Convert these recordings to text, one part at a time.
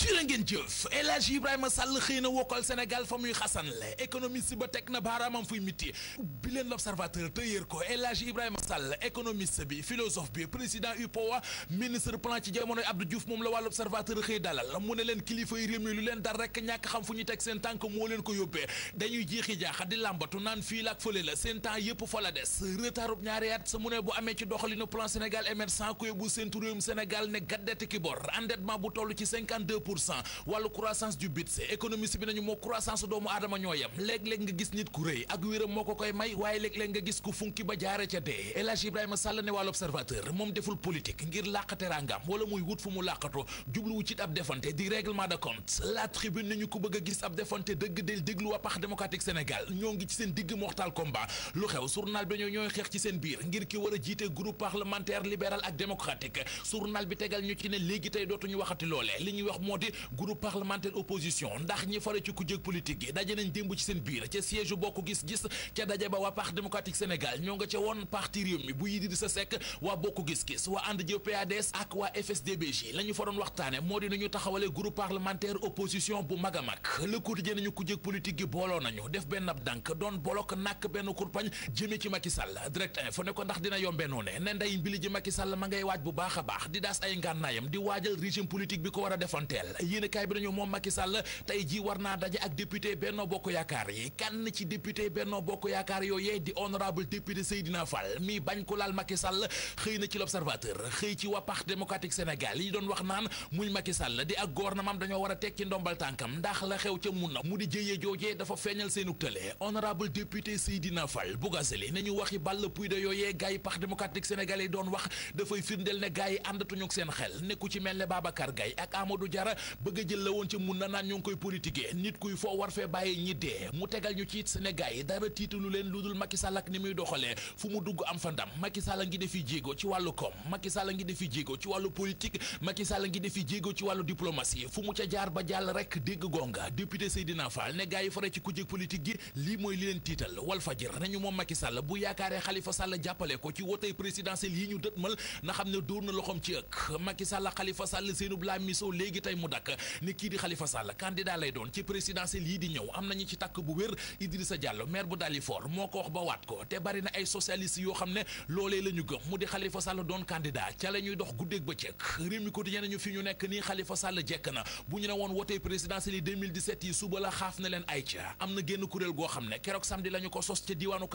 jërë ngeen jëf El Hadj Ibrahima Sall xëy na wokkal Sénégal fa muy xasan la économiste ba teg na baaraamam fuy miti bi leen l'observateur tëyeer ko El Hadj Ibrahima Sall économiste bi philosophe bi président UPOA ministre plan ci jamonoy Abdou Diouf moom la waa l'observateur xëy dalal mu ne leen kilifa yi réew mi lu leen dal rek ñàkk xam fu ñu teg seen tànk moo leen ko yóbbee dañuy jeexi jaaxa di làmbatu naan fii la ak fële la seen temps yëpp fa la des retarub ñaari at mu bu amee ci doxalinu plan Sénégal émergent ku yóbbu seen réewum Sénégal ne gaddete ki bor endettement bu toll ci 52 pour cent wàllu croissance du BITS économiste bi nañu moo croissance doomu aadama ñoo yem léeg nga gis nit ku rëy ak wéram moo ko koy may waaye léeg-léeg nga gis ku funki ba jaare ca dee El Hadj Ibrahima ne waa l'Observateur moom deful politique ngir làqate ràngam wala muy wut fu mu làqato jubluwu ci ab defante di règlement de compte la tribune nañu ko bëgg a gis ab defante dëgg del déglu waa Parti Sénégal ñoo ngi ci seen moo di groupe parlementaire opposition ndax ñi fare ci kujje politique gi daje nañ démb ci seen biir ca siège bokk gis-gis ca daje ba waa parti démocratique Sénégal ñoo nga ca woon parti réew mi bu Idrissa Seck waa bokk gis-gis waa ànd jëf PADS ak waa FSDBJ la ñu fa doon waxtaane moo di nañu taxawale groupe parlementaire opposition bu mag a mag le quotidien nañu kujje politique gi booloo nañu def benn ab dànk doon bolok nak benn kurpañ jëmee ci Macky Sall direct info ne ko ndax dina yombee noonu a baax di daas ay ngànnaayam di waajal bi ko war a Sénégal yéen a kaay bi dañu moom Macky Sall tey ji war naa daje ak député Benno Bokk Yaakaar yi kan ci député Benno Bokk Yaakaar yooyee di honorable député Seydina Fall mi bañ ko laal Macky Sall xëy na ci l'Observateur xëy ci waa Parti démocratique Sénégal yi doon wax naan muy Macky Sall di ak gouvernement dañoo war a teg ci ndombal tànkam ndax la xew ca mun na mu di jëyee joojee dafa feeñal seen tële honorable député Seydina Fall Bougazelli nañu waxi bàll puy de yooyee gars yi Parti démocratique sénégalais yi doon wax dafay firndeel ne gars yi àndatuñu ak seen xel nekku ci mel ne Babacar Gaye ak Amadou Diarra dara bëgg a jël la woon ci mun na naan ñoo ngi koy politiquer nit kuy foo war fee bàyyi ñi dee mu tegal ñu ci it dara tiitalu leen lu dul Macky Sall ak ni muy doxalee fu mu dugg am fa ndam Macky Sall ngi defi jéego ci wàllu koom Macky Sall ngi ngi defi jéego ci wàllu diplomatie fu mu ca jaar ba jàll rek dégg gonga député Seydina Fall ne ci kujje politique gi lii mooy li leen tiital Walfadjri nañu moom Macky Sall jàppale ko ci wotey présidentielle tey mu dakk ne kii di Khalifa Sall candidat lay doon ci présidentielle yi di ñëw am nañu ci takk bu wér Idrissa Diallo maire bu Dalifort moo ko wax ba waat ko te bari na ay socialiste yoo xam ne loolee la ñu mu di Khalifa Sall doon candidat ca la dox guddeeg bëccëg Rewmi Quotidien ñu fi ñu nekk nii Khalifa Sall jekk na bu ñu ne woon wotee présidentielle yi suba la xaaf na leen ay ca am na génn kuréel goo xam ne keroog samedi la ko sos ca diwaanu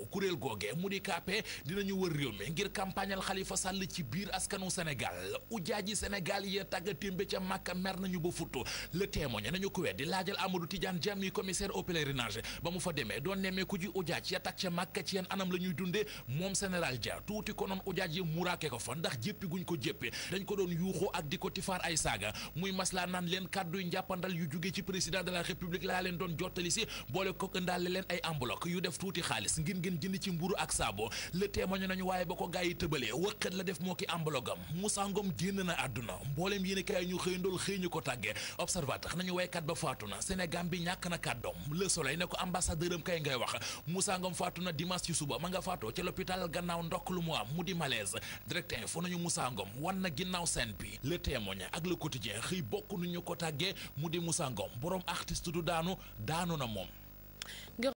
taxaw kuréel googe mu di kàppe ñu war réew mi ngir campagneal xalifa Sall ci biir askanu Sénégal ujaaji Sénégal ya tàgga témbe ca Makka mer nañu ba futt le témoin nañu ko weddi laajal Amadou Tidiane Dia mi commissaire au pèlerinage ba mu fa demee doon nemmeeku ji ujaaj ya tag ca Makka ci yan anam la ñuy dunde moom général Dia tuuti ko noon ujaaj yi muraake ko fa ndax jéppi guñ ko jéppi dañ ko doon yuuxoo ak di ko tifaar ay saaga muy maslaa naan leen kàdduy njàppandal yu jóge ci président de la doon jottali si boole leen ay ambulok yu def tuuti xaalis ngir ngeen jënd ci mburu ak saabo le témoigne nañu waaye ba ko gaa yi tëbalee wëqat la def moo ki ambalogam Moussa Ngom génn na àdduna mbooleem yéen kaay ñu xëy ndool xëy ñu ko tàggee observateur nañu waykat ba faatu na Sénégal bi ñàkk na kàddoom Le Soleil ne ko ambassadeur am kay ngay wax Moussa Ngom faatu na dimanche ci suba ma nga faatoo ci l'hôpital gannaaw ndokk lu mu am mu di malaise direct info nañu Moussa ngoom wan na ginnaaw scène bi Le Témoin ak Le Quotidien xëy bokk nu ñu ko tàggee mu di Moussa Ngom boroom artiste du daanu daanu na moom